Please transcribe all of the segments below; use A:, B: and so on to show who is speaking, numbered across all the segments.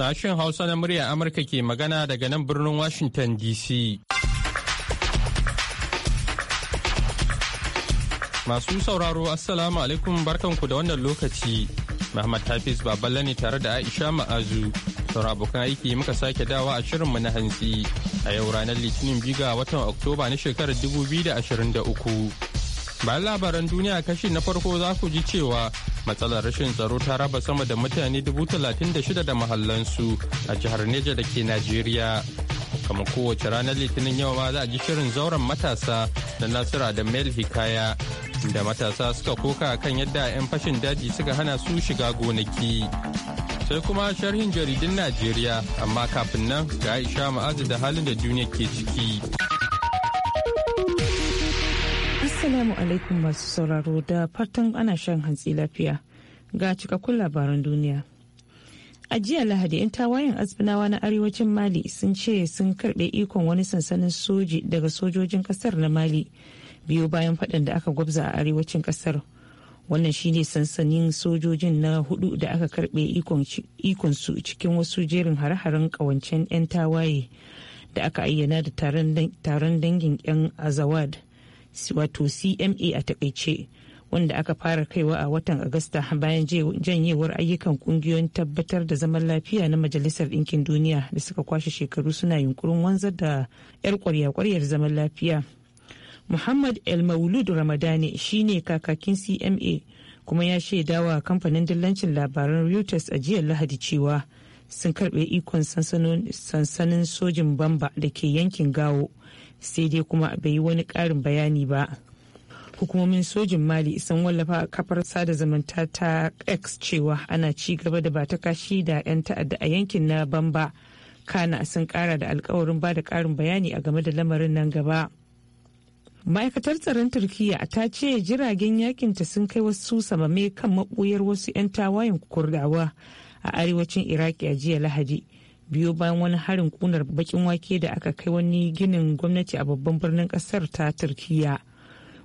A: Sashen Hausa na muryar Amurka ke magana daga nan birnin Washington DC. Masu sauraro Assalamu alaikum barkanku da wannan lokaci. Muhammad Hafiz Baballe ne tare da Aisha Ma'azu. Saura abokan aiki muka sake dawa a shirinmu na hantsi a yau ranar Litinin biyu ga watan Oktoba na shekarar 2023. Bayan labaran duniya kashi na farko za ku ji cewa matsalar rashin tsaro ta raba sama da mutane dubu talatin da shida da mahallansu a jihar Neja da ke Najeriya. Kamar kowace ranar Litinin yawa ma za a ji shirin zauren matasa da Nasira da Mel Hikaya da matasa suka koka kan yadda 'yan fashin daji suka hana su shiga gonaki. Sai kuma sharhin jaridun Najeriya amma kafin nan ga Aisha Ma'azu da halin da duniya ke ciki.
B: Assalamu alaikum masu sauraro da fatan ana shan hantsi lafiya ga cikakkun labaran duniya. A jiya Lahadi 'yan tawayen azbinawa na arewacin Mali sun ce sun karɓe ikon wani sansanin soji daga sojojin ƙasar na Mali biyu bayan faɗan da aka gwabza a arewacin ƙasar Wannan shi ne sansanin sojojin na hudu da aka ikon su cikin wasu jerin hare-haren ƙawancen 'yan tawaye da aka ayyana da taron dangin 'yan Azawad. wato cma a takaice wanda aka fara kaiwa a watan agusta bayan janyewar ayyukan kungiyoyin tabbatar da zaman lafiya na majalisar ɗinkin duniya da suka kwashe shekaru suna yunkurin wanzar da 'yar kwarya-kwaryar zaman lafiya muhammad el maulud ramadani shine kakakin cma kuma ya shaidawa kamfanin dillancin labaran reuters a jiya lahadi cewa sun karbe ikon sansanin sojin bamba da ke yankin gawo sai dai kuma bai yi wani ƙarin bayani ba hukumomin sojin mali sun wallafa a kafar sada zumunta ta x cewa ana ci gaba da ba ta kashi da 'yan ta'adda a yankin na bamba kana sun kara da alkawarin ba da karin bayani a game da lamarin nan gaba ma'aikatar tsaron turkiya ta ce jiragen yakinta sun kai wasu samame kan maɓoyar wasu 'yan tawayen kurdawa a arewacin iraki a jiya lahadi biyo bayan wani harin kunar bakin wake da aka kai wani ginin gwamnati a babban birnin kasar ta turkiya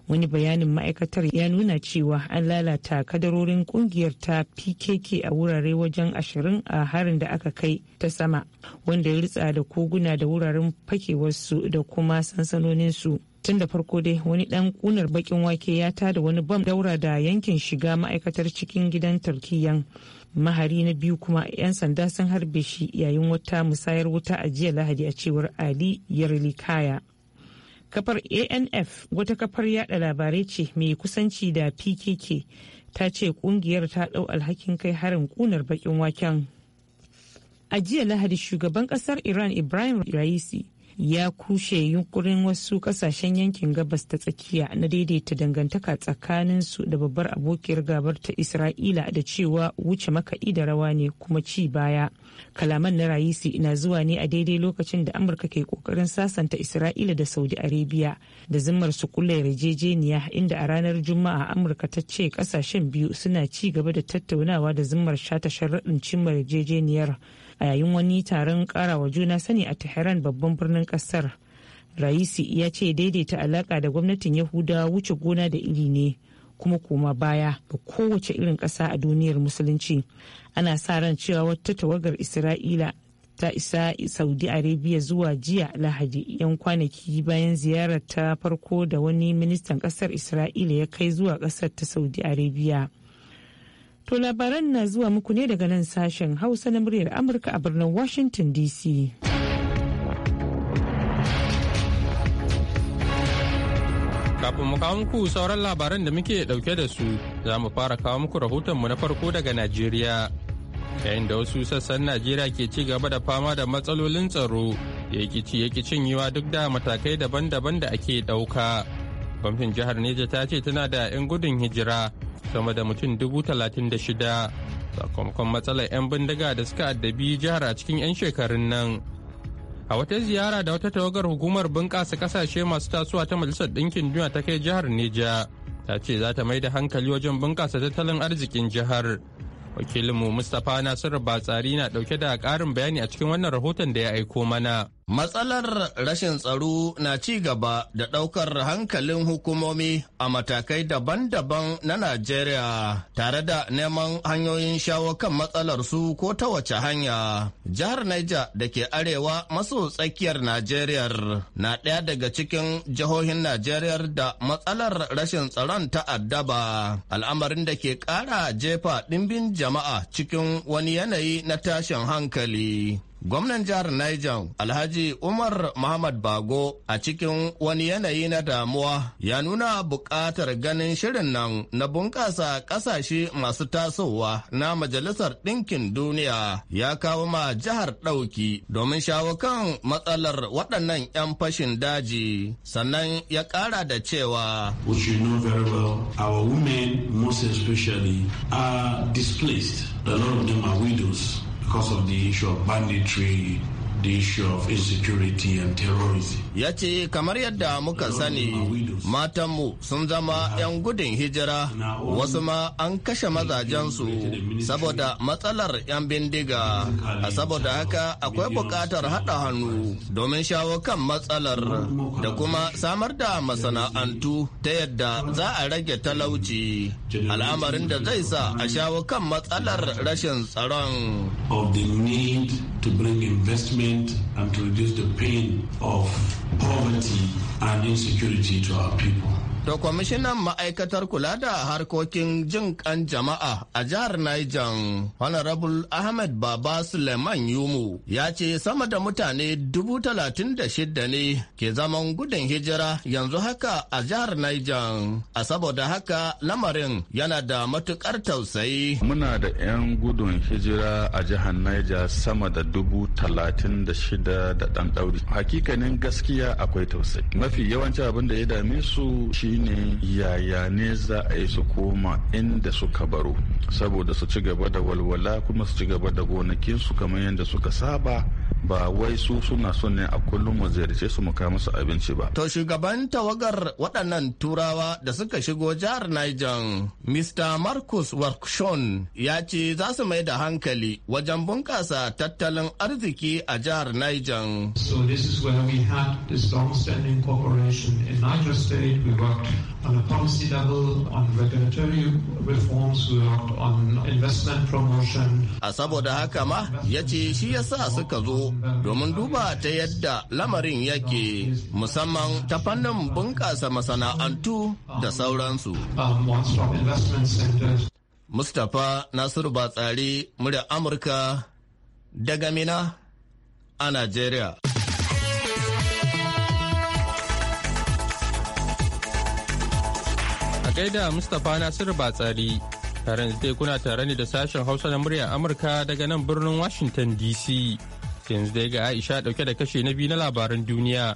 B: wani bayanin ma'aikatar ya nuna cewa an lalata kadarorin kungiyar ta pkk a wurare wajen ashirin a harin da aka kai ta sama wanda ya ritsa da koguna da wuraren fakewarsu da kuma sansanoninsu tun da farko dai wani dan kunar bakin wake ya tada wani bam daura da yankin shiga ma'aikatar cikin gidan turkiyan mahari na biyu kuma 'yan sanda sun harbe shi yayin wata musayar wuta a jiya lahadi a cewar ali yarlikaya kafar anf wata kafar yada labarai ce mai kusanci da pkk ta ce kungiyar ta dau alhakin kai harin kunar bakin waken a jiya lahadi shugaban kasar iran ibrahim raisi ya kushe yunkurin wasu kasashen yankin gabas ta tsakiya na daidaita dangantaka tsakanin su da babbar abokiyar gabar ta isra'ila da cewa wuce makaɗi da rawa ne kuma ci baya kalaman na rayisi na zuwa ne a daidai lokacin da amurka ke kokarin sasanta isra'ila da saudi arabia da zimmar su kula yarjejeniya inda a ranar juma'a amurka ta ce kasashen biyu suna ci gaba da tattaunawa da zimmar shata sharaɗin cimma yarjejeniyar a yayin wani taron karawa juna sani a tehran babban birnin kasar raisi ya ce daidaita alaka da gwamnatin yahuda wuce gona da iri ne kuma koma baya ga kowace irin ƙasa a duniyar musulunci ana sa ran cewa wata tawagar isra'ila ta isa saudi arabia zuwa jiya lahadi yan kwanaki bayan ziyarar ta farko da wani ministan kasar isra'ila ya kai zuwa ƙasar ta saudi arabia To labaran na zuwa muku ne daga nan sashen Hausa na muryar Amurka a birnin Washington DC.
A: Kafin mu kawo muku sauran labaran da muke dauke da su, za mu fara kawo muku rahotonmu na farko daga Najeriya. Yayin da wasu sassan Najeriya ke ci gaba da fama da matsalolin tsaro, yaki yaki yiwa duk da matakai daban-daban da ake ɗauka. Gwamnatin jihar Neja ta ce tana da 'yan gudun hijira sama da mutum dubu talatin da shida sakamakon matsalar 'yan bindiga da suka addabi jihar a cikin 'yan shekarun nan a wata ziyara da wata tawagar hukumar bunƙasa ƙasashe masu tasowa ta majalisar ɗinkin duniya ta kai jihar neja ta ce za ta mai da hankali wajen bunƙasa tattalin arzikin jihar wakilinmu mustapha nasiru
C: batsari na ɗauke da ƙarin bayani a cikin wannan rahoton da ya aiko mana Matsalar rashin tsaro na ci gaba da ɗaukar hankalin hukumomi a matakai daban-daban na Najeriya tare da neman hanyoyin shawo kan matsalar su ko ta wace hanya. Jihar Niger da ke arewa maso tsakiyar Najeriya na ɗaya daga cikin jihohin Najeriya da matsalar rashin tsaron ta addaba. Al'amarin da ke ƙara jefa ɗimbin jama'a cikin wani yanayi na tashin hankali. Gwamnan jihar Niger Alhaji Umar Muhammad Bago a cikin wani yanayi na damuwa ya nuna buƙatar ganin shirin nan na bunƙasa ƙasashe masu tasowa na Majalisar Ɗinkin Duniya ya kawo ma jihar ɗauki domin shawo kan matsalar waɗannan 'yan fashin daji sannan ya ƙara da cewa. know very
D: our women most especially are displaced. A lot of them are widows. because of the issue of banditry, the issue
C: Ya ce kamar yadda muka sani matanmu sun zama 'yan gudun hijira wasu ma an kashe mazajensu saboda matsalar 'yan bindiga. A saboda haka akwai buƙatar haɗa hannu domin shawo kan matsalar da kuma samar da masana'antu ta yadda za a rage talauci al'amarin da zai sa a shawo kan matsalar rashin tsaron.
D: and to reduce the pain of
E: poverty and insecurity to our people.
C: To kwamishinan ma'aikatar kula da harkokin jin kan jama'a a jihar Niger, Honorable Ahmed Baba Suleiman Yumu ya ce sama da mutane dubu talatin da shida ne ke zaman gudun hijira yanzu haka a jihar Niger. A saboda haka lamarin yana da matukar tausayi. Muna da 'yan gudun hijira a jihar Niger sama da dubu talatin da shida da ɗan ɗauri. Hakikanin
F: gaskiya akwai tausayi. Mafi yawanci abin da ya dame su shi shine yaya ne za a yi su koma inda suka baro saboda su ci gaba da walwala kuma su ci gaba da gonakin gonakinsu kamar yadda suka saba ba wai su suna son ne a kullum mu ziyarce su mu kawo musu abinci ba.
C: To shugaban tawagar waɗannan turawa da suka shigo jihar Niger, Mr. Marcus Workshon ya ce za su mai da hankali wajen bunƙasa tattalin arziki a jihar Niger. So this is where we
E: had this long-standing cooperation in Niger State. We worked on a policy level,
C: on regulatory reforms, on investment promotion. A saboda haka ma ya ce shi ya sa suka zo domin duba ta yadda lamarin yake musamman ta fannin bunƙasa masana'antu da sauransu. Um, Mustapha Nasiru Batsari, murya Amurka daga Mina a Najeriya. gaida
A: Mustapha Nasiru Batsari. karen zai kuna tare ne da sashen Hausa na muryar Amurka daga nan birnin Washington DC. Yanzu dai ga Aisha dauke da kashe na biyu na labaran duniya.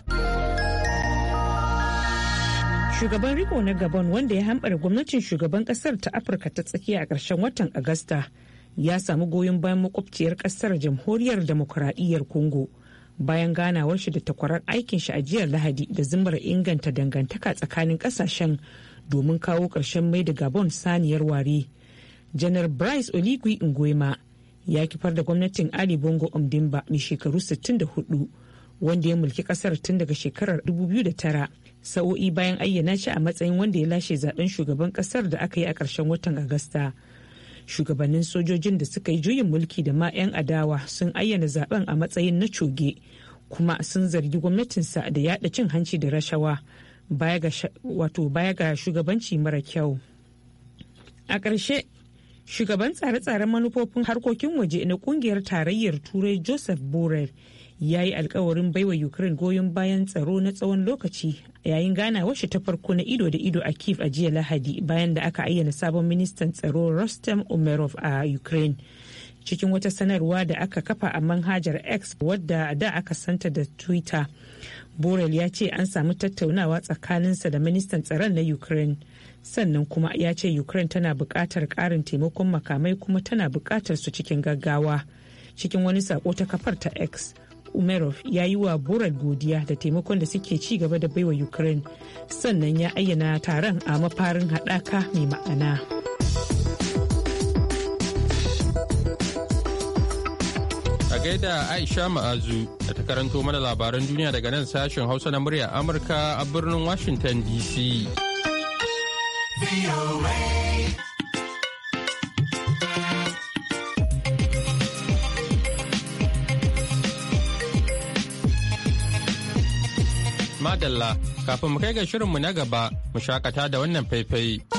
B: Shugaban riko na Gabon wanda ya hambar gwamnatin shugaban kasar ta Afirka ta tsakiya a ƙarshen watan Agusta ya samu goyon bayan makwabciyar kasar jamhuriyar demokuraɗiyyar Congo. bayan ganawar shi da takwarar aikin shi a jiya lahadi da zumbar inganta dangantaka tsakanin ƙasashen. domin kawo ƙarshen mai da gabon saniyar ware janar bryce oligui ngwema ya kifar da gwamnatin ali bongo omdimba mai shekaru 64 wanda ya mulki kasar tun daga shekarar 2009 sa'o'i bayan ayyana shi a matsayin wanda ya lashe zaben shugaban kasar da aka yi a ƙarshen watan agasta shugabannin sojojin da suka yi juyin mulki da ma 'yan adawa sun ayyana zaben a matsayin na coge kuma sun zargi gwamnatinsa da yada cin hanci da rashawa baya ga shugabanci mara kyau a ƙarshe shugaban tsare-tsaren manufofin harkokin waje na ƙungiyar tarayyar turai joseph borrell ya yi alkawarin baiwa ukraine goyon bayan tsaro na tsawon lokaci yayin ganawar shi ta farko na ido da ido a kiev a jiya lahadi bayan da aka ayyana sabon ministan tsaro rostam umerov a ukraine cikin wata sanarwa da aka kafa a manhajar x wadda da aka santa da twitter borel ya ce an samu tattaunawa tsakaninsa da ministan tsaron na ukraine sannan kuma ya ce ukraine tana bukatar ƙarin taimakon makamai kuma tana bukatar su cikin gaggawa cikin wani sako ta kafar ta x umerov ya yi wa borel godiya da taimakon da suke ci gaba da baiwa ukraine sannan ya ayyana taron a mafarin haɗaka mai ma'ana.
A: A gaida Aisha Ma'azu da ta karanto mana labaran duniya daga nan sashen Hausa na murya Amurka a birnin Washington DC. Madalla, kafin mu kai ga shirinmu na gaba, mu shakata da wannan faifai.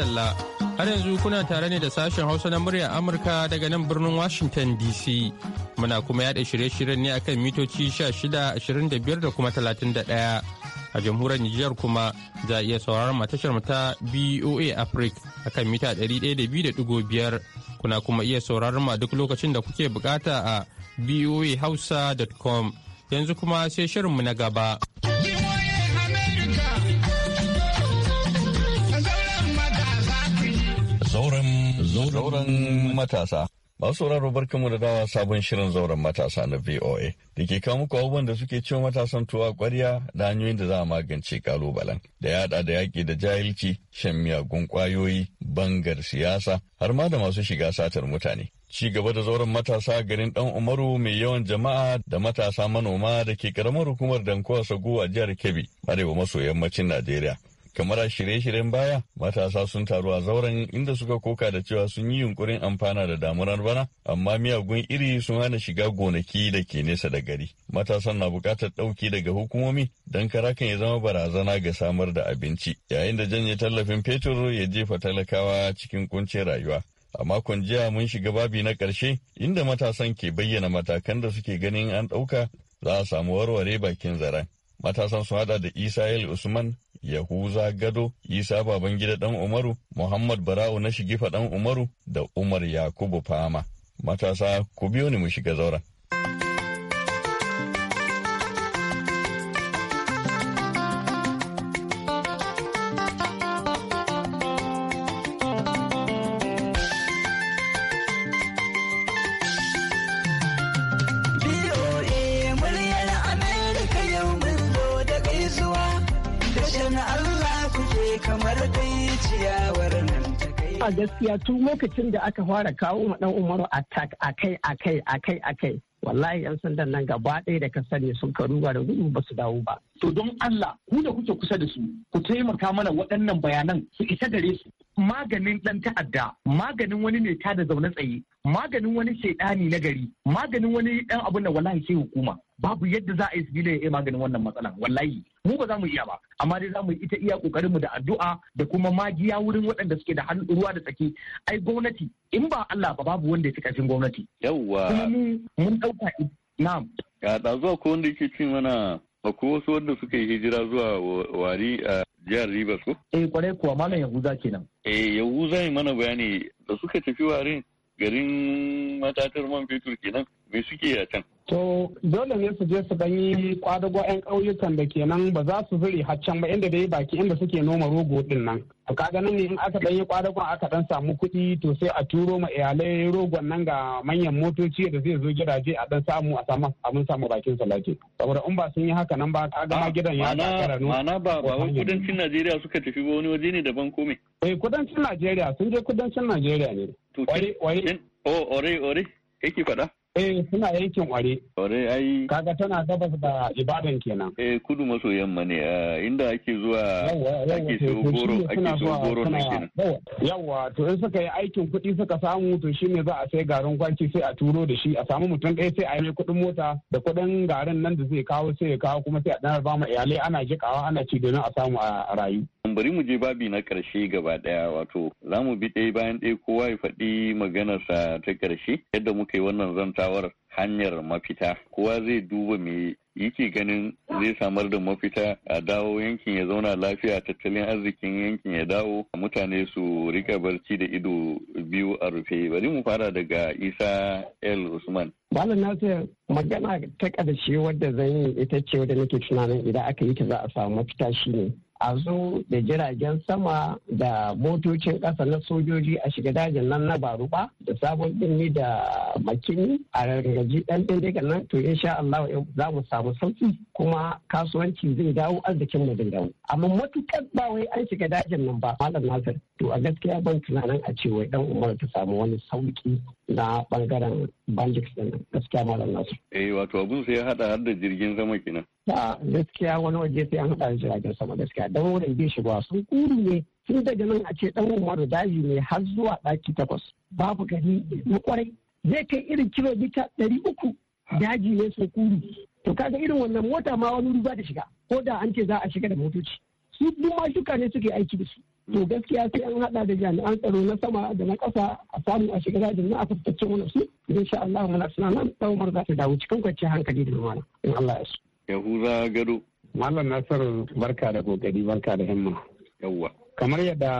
A: Dalla. har yanzu kuna tare ne da sashen hausa na murya amurka daga nan birnin washington dc muna kuma yada shirye-shiryen ne akan mitoci 16 da kuma 31 a jamhuriyar Nijar kuma za a iya sauraron tashar ta BOA Africa akan mita 102.5 kuna kuma iya sauraron ma duk lokacin da kuke bukata a boahausa.com yanzu kuma sai shirinmu na gaba. Zauren
F: matasa. Masu sauraro barkanmu da dawa sabon shirin zauren matasa na VOA da ke kawo muku abubuwan da suke cewa matasan tuwa kwarya da hanyoyin da za a magance kalubalen da ya da yaƙi da jahilci, shan miyagun kwayoyi bangar siyasa, har ma da masu shiga satar mutane. Ci gaba da zauren matasa garin Dan Umaru mai yawan jama'a da matasa manoma da ke karamar hukumar Dankowa Sago a jihar Kebbi, arewa maso yammacin Najeriya. Kamar a shirye-shiryen baya, matasa sun taru a zauren inda suka koka da cewa sun yi yunkurin amfana da damunar bana, amma miyagun iri sun hana shiga gonaki da ke nesa da gari. Matasan na bukatar ɗauki daga hukumomi don karakan ya zama barazana ga samar da abinci, yayin da janye tallafin fetur ya jefa talakawa cikin kuncin rayuwa. A makon jiya mun shiga babi na ƙarshe inda matasan ke bayyana matakan da suke ganin an ɗauka za a samu warware bakin zaren. Matasan sun hada da Isa Usman, Yahuza Gado, Isa Babangida Dan Umaru, Muhammad Bara'u na Shigifa Dan Umaru da Umar Yakubu Fama. Matasa, ku biyo ni mu shiga zauren.
G: gaskiya tun lokacin da aka fara kawo ma dan umaru attack akai akai akai akai wallahi yan sandan nan gaba ɗaya da ka sani sun ka ruga da gudu ba su dawo ba. To don Allah ku da kuke kusa da su ku taimaka mana waɗannan bayanan su isa gare su. Maganin dan ta'adda, maganin wani ne ta da zaune tsaye, maganin wani shaidani na gari, maganin wani dan abun da wallahi sai hukuma. babu yadda za a yi sibila ya maganin wannan matsalan wallahi mu ba za mu iya ba amma dai za mu ita iya kokarin mu da addu'a da kuma magiya wurin waɗanda suke da hannu ruwa da tsaki ai gwamnati in ba Allah ba babu wanda ya fi ƙarfin gwamnati
F: yawwa
E: kuma
G: mun ɗauka na'am
F: ya zuwa ko wanda yake cin mana ko wasu wanda suka yi hijira zuwa wari a jihar Rivers ko?
H: Eh kwarai kuwa malam Yahuza kenan.
F: Eh Yahuza yi mana bayani da suka tafi warin garin matatar man fetur kenan me suke a can
E: to dole ne su je su dan yi kwadago yan ƙauyukan da kenan ba za su zure haccan ba inda dai baki inda suke noma rogo din nan to kaga nan in aka ɗan yi kwadagon aka dan samu kuɗi to sai a turo ma iyalai rogon nan ga manyan motoci da zai zo gidaje a dan samu a samu abin samu bakin salati saboda in ba sun yi haka nan ba kaga ma ah, gidan ya kakara no ma'ana ba ba wai kudancin
F: Najeriya suka tafi ba wani waje ne daban ko me
E: eh kudancin Najeriya sun je kudancin Najeriya ne
F: to ore ore oh ore ore ki faɗa
E: Eh suna yankin ware. Ware ai. Kaga tana gabas da Ibadan kenan.
F: Eh kudu maso yamma ne inda ake zuwa ake siyo
I: goro ake goro ne kenan.
E: Yawwa to in suka yi aikin kuɗi suka samu to ne za a sai garin kwanci sai a turo da shi a samu mutum ɗaya sai a yi kuɗin mota da kuɗin garin nan da zai kawo sai ya kawo kuma sai a dan ba mu iyalai ana jikawa ana ci domin a samu a rayu.
F: bari mu je babi na karshe gaba ɗaya wato za mu bi ɗaya bayan ɗaya kowa ya faɗi maganarsa ta ƙarshe yadda muka yi wannan zantawar hanyar mafita kowa zai duba me yake ganin zai samar da mafita a dawo yankin ya zauna lafiya tattalin arzikin yankin ya dawo mutane su rika barci da ido biyu a rufe bari mu fara daga isa el usman
G: bala nasir magana ta ƙarshe wadda zan yi ita ce wadda nake tunanin idan aka yi ta za a samu mafita shine a zo da jiragen sama da motocin ƙasa na sojoji a shiga dajin nan na baruba da sabon birni da makini a rangaji ɗan ɗin nan to in sha Allah za mu samu sauki kuma kasuwanci zai dawo arzikin mu dinga amma matukar ba wai an shiga dajin nan ba malam nasir to a gaskiya ban tunanin a ce wai dan umar ta samu wani sauki na bangaren bandit din gaskiya malam nasu.
F: Eh wato abun sai ya hada har da jirgin sama kina.
G: A gaskiya wani waje sai an hada da jiragen sama gaskiya dan wurin bai ba sun kuri ne tun daga nan a ce dan umaru daji ne har zuwa daki takwas babu gari na kwarai zai kai irin kilomita ɗari uku daji ne sun kuri. To kaga irin wannan mota ma wani wuri da shiga ko da an ce za a shiga da motoci. Su duk shuka ne suke aiki da su. to gaskiya sai an hada da jami'an tsaro na sama da na kasa a samu a shiga dajin na a fuskace mana su insha Allah mana suna nan tsawon za ta dawo cikin kwanciyar hankali da lumana
E: in Allah ya so. Yahuza Gado. Malam nasar barka da kokari barka da himma. Yawwa. Kamar yadda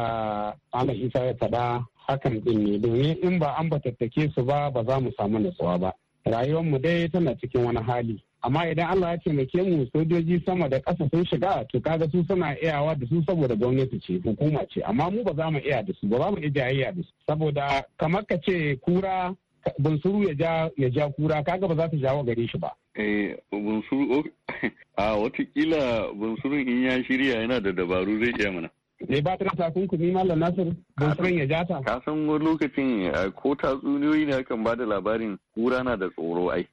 E: Malam Isa ya faɗa hakan din ne domin in ba an batattake su ba ba za mu samu nutsuwa ba. rayuwar mu dai tana cikin wani hali amma idan Allah ya taimake mu sojoji sama da ƙasa sun shiga to kaga su suna iyawa da su saboda gwamnati ce hukuma ce amma mu ba za mu iya da su ba za mu iya jayayya da su saboda kamar ka ce kura bunsuru ya ja kura kaga ba za ta jawo gare shi ba
I: eh,
F: bunsuru oh, a watakila bunsuru in ya shirya yana da dabaru zai iya mana
E: ne ba ta takunkumi malam nasir don tsoron ya jata
F: ka san wani lokacin eh, ko tatsuniyoyi ne akan ba da labarin kura na da tsoro ai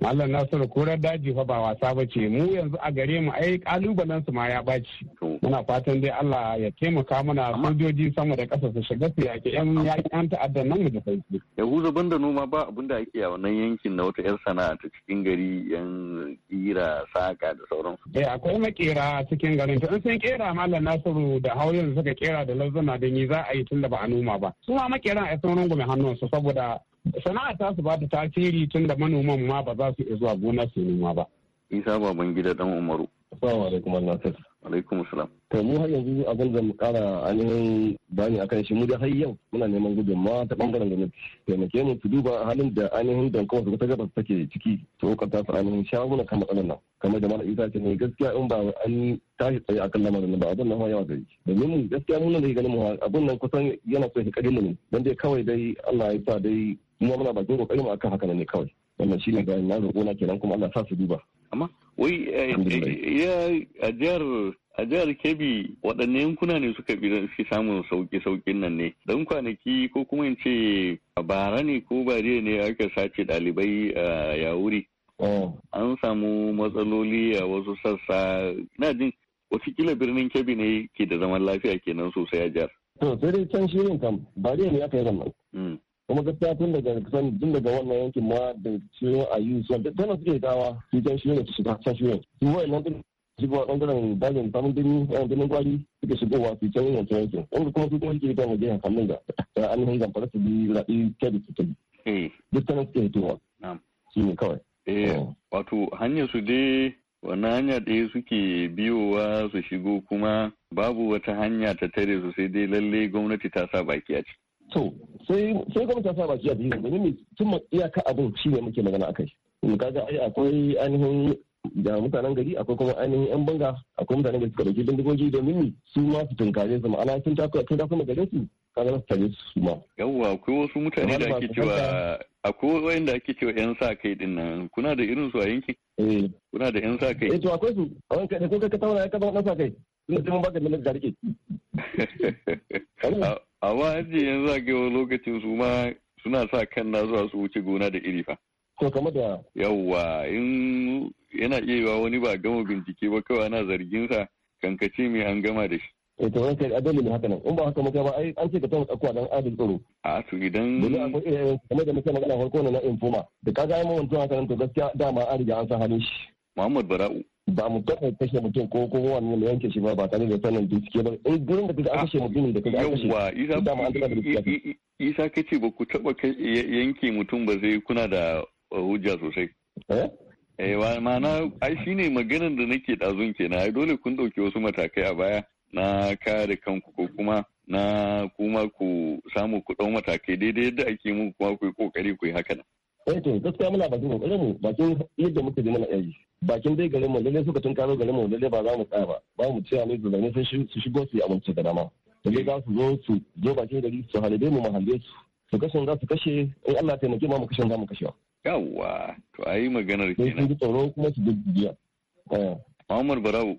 E: malam nasir kurar daji fa ba wasa ba ce mu yanzu a gare mu ai kalubalen su ma ya baci muna fatan dai Allah ya taimaka mana sojoji sama da ƙasa su shiga su yaƙi yan yaƙi ta'addan nan mu da sauki
F: yahuza da noma ba abin da ake a wannan yankin na wata 'yar sana'a ta cikin gari yan kira saka da sauransu
E: eh akwai makera cikin garin to in sun kera malam nasiru da auren suka kera da lazzana da ni za a yi tunda ba a noma ba su ma makeran a sauran gumi hannunsu saboda sana'a ta su ba ta tasiri tunda manoman ma ba za su iya zuwa gona su noma ba
F: isa baban gida dan umaru assalamu alaikum alaikum salam
H: to mu har yanzu abin da mu kara ainihin bani akan shi mu da har yau muna neman ma ta bangaren gwamnati taimake mu su duba halin da ainihin dankawa su ta gabas take ciki su ta su ainihin shawo na kan matsalar nan kamar da mana isa ce ne gaskiya in ba an tashi tsaye akan lamarin nan ba abin nan yawa gari domin mu gaskiya mun da ganin mu abin nan kusan yana so ya mu ne dan dai kawai dai Allah ya sa dai mu muna bakin kokarin mu akan haka ne kawai wannan shine ga na roƙo na kenan kuma Allah sa su duba
F: amma wai eh, eh, a jihar a jihar kebbi waɗanne yankuna ne suka bi fi samun sauƙi-sauƙin nan ne don kwanaki ko kuma in ce bara ne ko bariya ne aka sace ɗalibai a yawuri oh. an samu matsaloli a wasu sassa na jin watakila birnin kebbi ne ke da zaman lafiya kenan sosai a jihar
H: to sai dai can shirin kam bariya ne aka yi zaman hmm. kuma gaskiya tun daga kusan tun daga wannan yankin ma da ciwo a yi su da tana suke dawa su kan shi ne su shiga san shi ne su wayannan din shigowa bangaren dajin samun dini yan eh, dinin gwari suke shigowa su can yankin yankin wanda kuma su kuma suke dawa jihan kamun da ta eh, ainihin zamfara su bi raɗi kadi su tabi hmm. duk tana suke hitowa shi ne kawai. Eh, oh. wato hanyar su
F: dai wani hanya ɗaya suke biyowa su shigo kuma babu wata hanya ta tare su sai dai lalle gwamnati ta sa baki a ciki.
H: to sai gwamnati ta sa jiya a cikin domin tun iyaka abin ne muke magana akai kaga ai akwai ainihin da mutanen gari akwai kuma ainihin yan banga akwai mutanen da suka dauki bindigogi domin su ma su tunkare su ma'ana sun ta kuma gare su kaga za su tare su su ma
F: yawwa akwai wasu mutane da ake cewa akwai da ake cewa yan sa kai din nan kuna da irin su a yankin eh. kuna da yan sa kai eh to
H: akwai su a wanka ko kuka ka tauna ya ka zama na sa kai sun ji mun ba ka da rike
F: amma an ce yanzu a ga lokacin su ma suna sa kan na zuwa su wuce gona da iri fa to kama da yawwa in yana iya yiwa wani ba gama bincike ba kawai ana zargin sa kankace mai an gama da shi
H: eh to wani kai adalin haka nan in ba haka muka ba ai an ce ka tawo tsakuwa dan adal tsoro. a to idan eh, kama da muke magana farko na infoma da kaga ai mun to haka nan to gaskiya dama an riga an san halin shi Muhammad Bara'u. Ba mu taɓa kashe mutum ko ko wani mu yanke shi ba ba tare da sanin bincike ba. Eh gurin da kaga an kashe mutum da kaga an kashe. Yawwa
F: Isa ka ce ba ku taɓa yanke mutum ba sai kuna da uh, hujja sosai. Eh, eh ma'ana ai shine maganar da nake ɗazun kenan ai dole kun ɗauki wasu matakai a baya na kare kanku ko kuma na kuma ku samu ku ɗau matakai daidai yadda ake mu kuma ku yi ƙoƙari ku yi haka nan.
H: Eh to gaskiya muna bakin ƙoƙarin mu ke yadda muka ji mana yaji. bakin dai garin mu lalle suka tun karo garin mu lalle ba za mu tsaya ba ba mu cewa ne sai su shigo su yi abinci da dama lalle za su zo su zo bakin gari su halibe mu mahalle su su kashe za su kashe in Allah taimake ma mu kashe za mu kashe Yawa,
F: to ayi maganar kenan sai
H: su tsoro kuma su dubbiya eh. Muhammad Barawu.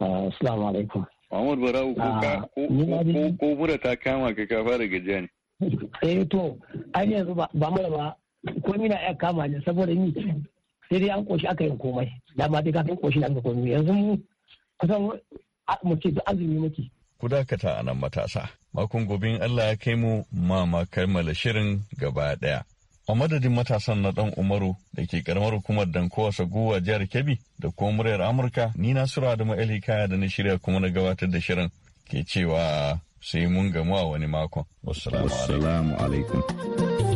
H: Ah, assalamu alaikum
F: Muhammad Barawo ah,
H: ko
F: ko bura ta kama ka ka fara gajiya ne
G: eh to ai yanzu ba mu ba ko mina ya kama ne saboda ni sai dai an koshi aka yin komai dama dai kafin koshi an aka komai yanzu mu kusan
F: mu ce duk azumi muke ku dakata a nan matasa makon gobe Allah ya kai mu ma ma kammala shirin gaba daya a madadin matasan na dan umaru da ke karamar hukumar dankowa saguwa jihar kebbi da kuma muryar amurka ni na sura da ma'ali kaya da na shirya kuma na gabatar da shirin ke cewa sai mun gamu a wani makon wassalamu
A: alaikum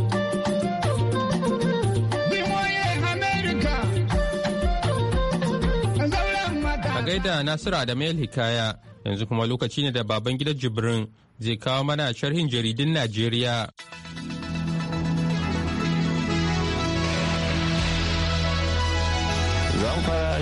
A: gaida Nasiru Adamu Hikaya yanzu kuma lokaci ne da baban gidan Jibrin zai kawo mana sharhin jaridun Najeriya.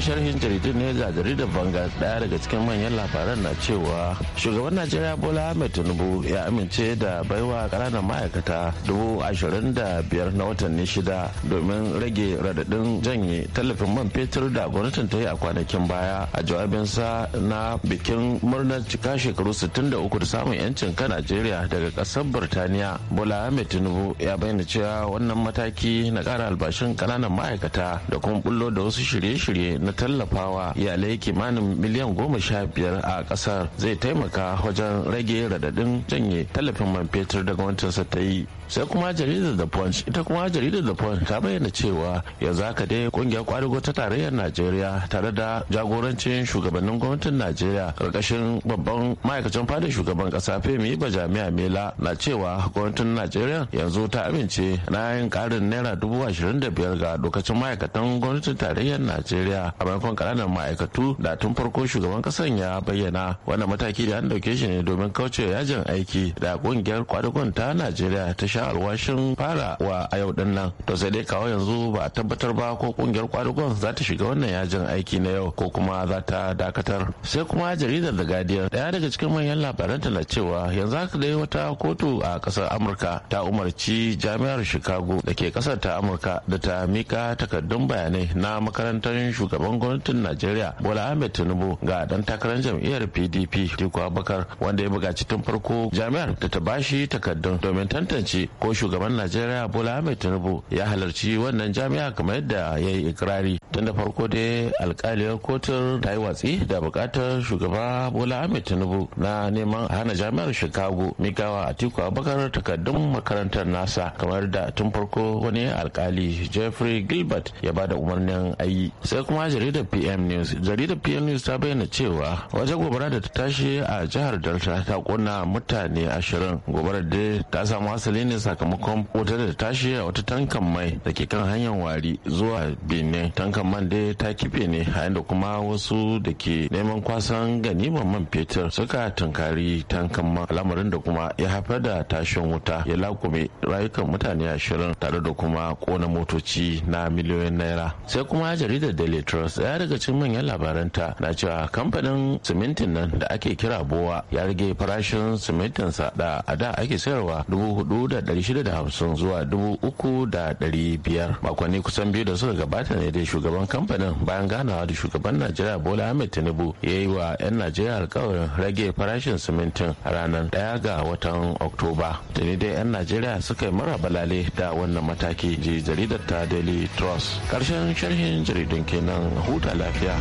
D: sharhin jaridu ne ga jaridar banga daya daga cikin manyan labaran na cewa shugaban najeriya bola ahmed tinubu ya amince da baiwa kananan ma'aikata dubu ashirin da biyar na watanni shida domin rage radadin janye tallafin man fetur da gwamnatin ta yi a kwanakin baya a jawabinsa na bikin murnar cika shekaru sittin da uku da samun yancin kan najeriya daga kasar birtaniya bola ahmed tinubu ya bayyana cewa wannan mataki na kara albashin kananan ma'aikata da kuma bullo da wasu shirye-shirye na tallafawa iyalai kimanin miliyan goma sha biyar a kasar zai taimaka wajen rage radadin janye tallafin man fetur da gwamnatinsa ta yi sai kuma jaridar da punch ita kuma jaridar da punch ta bayyana cewa yanzu haka dai kungiyar kwadago ta tarayyar najeriya tare da jagorancin shugabannin gwamnatin najeriya karkashin babban ma'aikacin fadar shugaban kasa femi bajamiya mela na cewa gwamnatin najeriya yanzu ta amince na yin karin naira dubu ashirin da biyar ga dokacin ma'aikatan gwamnatin tarayyar najeriya a maimakon kananan ma'aikatu da tun farko shugaban kasan ya bayyana wannan mataki da an dauke shi ne domin kauce yajin aiki da kungiyar kwadagon ta najeriya ta sha alwashin fara wa a yau din nan to sai dai kawo yanzu ba a tabbatar ba ko kungiyar kwadugon za ta shiga wannan yajin aiki na yau ko kuma za ta dakatar sai kuma jaridar da guardian daya daga cikin manyan ta na cewa yanzu haka dai wata kotu a kasar amurka ta umarci jami'ar shikago da ke kasar ta amurka da ta mika takardun bayanai na makarantar shugaban gwamnatin najeriya bola ahmed tinubu ga dan takarar jam'iyyar pdp diko abubakar wanda ya buga tun farko jami'ar da ta bashi takardun domin tantance ko shugaban najeriya bola ahmed tinubu ya halarci wannan jami'a kamar yadda ya yi ikirari tun da farko dai alkaliyar kotun ta yi watsi da bukatar shugaba bola ahmed tinubu na neman hana jami'ar chicago migawa a atiku abubakar takardun makarantar nasa kamar da tun farko wani alkali jeffrey gilbert ya ba da umarnin ayi sai kuma jaridar pm news jaridar pm news ta bayyana cewa wajen gobara da ta tashi a jihar delta ta kona mutane ashirin gobarar da ta samu asali ne ne sakamakon wutar da ta a wata tankan mai da ke kan hanyar wari zuwa benin tankan man dai ta kife ne a da kuma wasu da ke neman kwasan ganiman man fetur suka tunkari tankan man lamarin da kuma ya haifar da tashin wuta ya lakume rayukan mutane ashirin tare da kuma kona motoci na miliyoyin naira sai kuma jaridar daily trust ya daga cikin manyan labaranta na cewa kamfanin simintin nan da ake kira bowa ya rage farashin simintinsa da a da ake sayarwa dubu hudu da 650 zuwa 3,500 makonni kusan biyu da suka gabata ne dai shugaban kamfanin bayan ganawa da shugaban najeriya bola ahmed tinubu ya yi wa 'yan najeriya alkawarin rage farashin simintin a ranar 1 ga watan oktoba tuni dai 'yan najeriya suka yi mara balale da wannan mataki ji jaridar ta daily trust karshen sharhin
A: jaridun kenan huta lafiya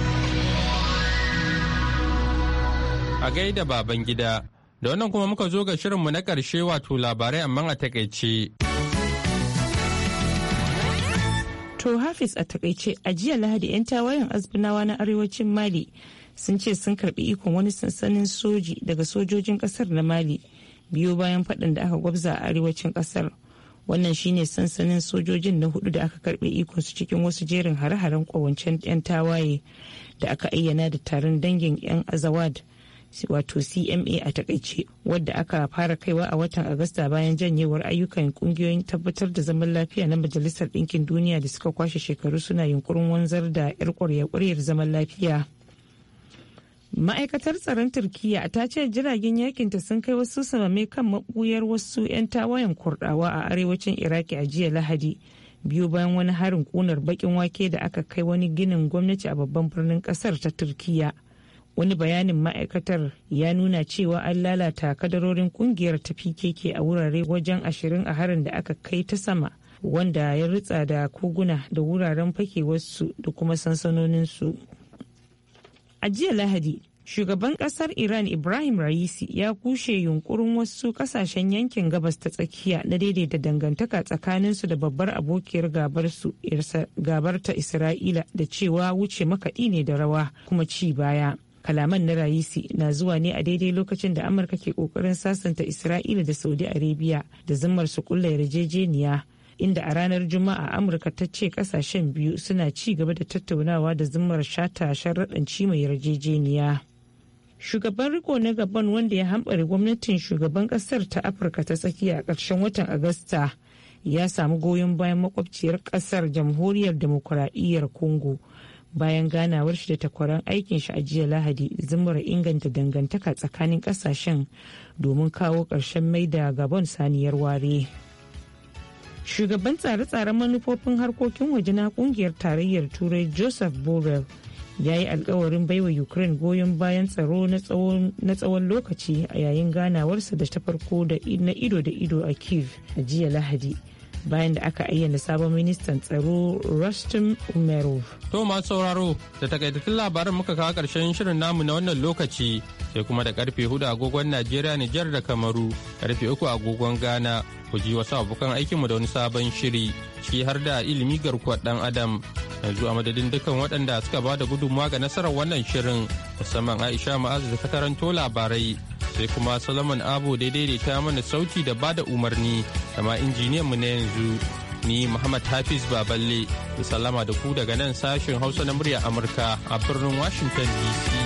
A: a gaida baban gida Da wannan kuma muka zo ga shirinmu na ƙarshe wato labarai amma a takaice.
B: To Hafiz a takaice a jiya Lahadi 'yan tawayen azbinawa na arewacin Mali sun ce sun karbi ikon wani sansanin soji daga sojojin ƙasar na Mali biyu bayan faɗin da aka gwabza a arewacin ƙasar Wannan shine sansanin sojojin na hudu da aka karbe ikon su cikin wasu jerin hare-haren kwawancen 'yan tawaye da aka ayyana da taron dangin 'yan azawad. wato cma a takaice wadda aka fara kaiwa a watan agusta bayan janyewar ayyukan kungiyoyin tabbatar da zaman lafiya na majalisar ɗinkin duniya da suka kwashe shekaru suna yunkurin wanzar da 'yar ƙwarya-ƙwaryar zaman lafiya ma'aikatar tsaron turkiya ta ce jiragen yakinta sun kai wasu samame kan mabuyar wasu 'yan tawayen kurdawa a arewacin iraki a jiya lahadi biyu bayan wani harin kunar bakin wake da aka kai wani ginin gwamnati a babban birnin kasar ta turkiya wani bayanin ma'aikatar ya nuna cewa an lalata kadarorin kungiyar ta pkk a wurare wajen ashirin a harin da aka kai ta sama wanda ya ritsa da koguna da wuraren wasu da kuma sansanoninsu a jiya lahadi shugaban kasar iran ibrahim raisi ya kushe yunkurin wasu kasashen yankin gabas ta tsakiya na daidaita dangantaka tsakaninsu da babbar abokiyar gabar ta isra'ila da cewa wuce makaɗi ne da rawa kuma ci baya kalaman na rayisi na zuwa ne a daidai lokacin da amurka ke kokarin sasanta isra'ila da saudi arabia da zimmar su kulla yarjejeniya inda a ranar juma'a amurka ta ce kasashen biyu suna ci gaba da tattaunawa da zimmar shata sharaɗanci mai yarjejeniya shugaban riko na gabon wanda ya hambare gwamnatin shugaban kasar ta afirka ta tsakiya a ƙarshen watan agusta ya samu goyon bayan makwabciyar kasar jamhuriyar demokuraɗiyyar congo bayan ganawar shi da takwaran aikin shi a jiya lahadi zumura inganta dangantaka tsakanin kasashen domin kawo ƙarshen mai da gabon saniyar ware shugaban tsare-tsaren manufofin harkokin waje na kungiyar tarayyar turai joseph borrell ya yi alkawarin baiwa ukraine goyon bayan tsaro na tsawon lokaci a yayin ganawarsa da ta farko na ido da ido a kiev a jiya lahadi bayan da aka ayyana sabon ministan tsaro Rustin Umerov.
A: To masu sauraro da takaitattun labarin muka kawo karshen shirin namu na wannan lokaci sai kuma da karfe hudu agogon Najeriya Nijar da Kamaru karfe uku agogon Ghana ku ji wasu abokan aikinmu da wani sabon shiri ciki har da ilimi garkuwar dan adam yanzu a madadin dukkan waɗanda suka ba da gudunmawa ga nasarar wannan shirin musamman Aisha Ma'azu da ta karanto labarai sai kuma solomon abu da ta mana sauti da bada umarni da ma injiniyan mu na yanzu ni muhammad hafiz baballe da salama da ku daga nan sashen hausa na murya amurka a birnin washington dc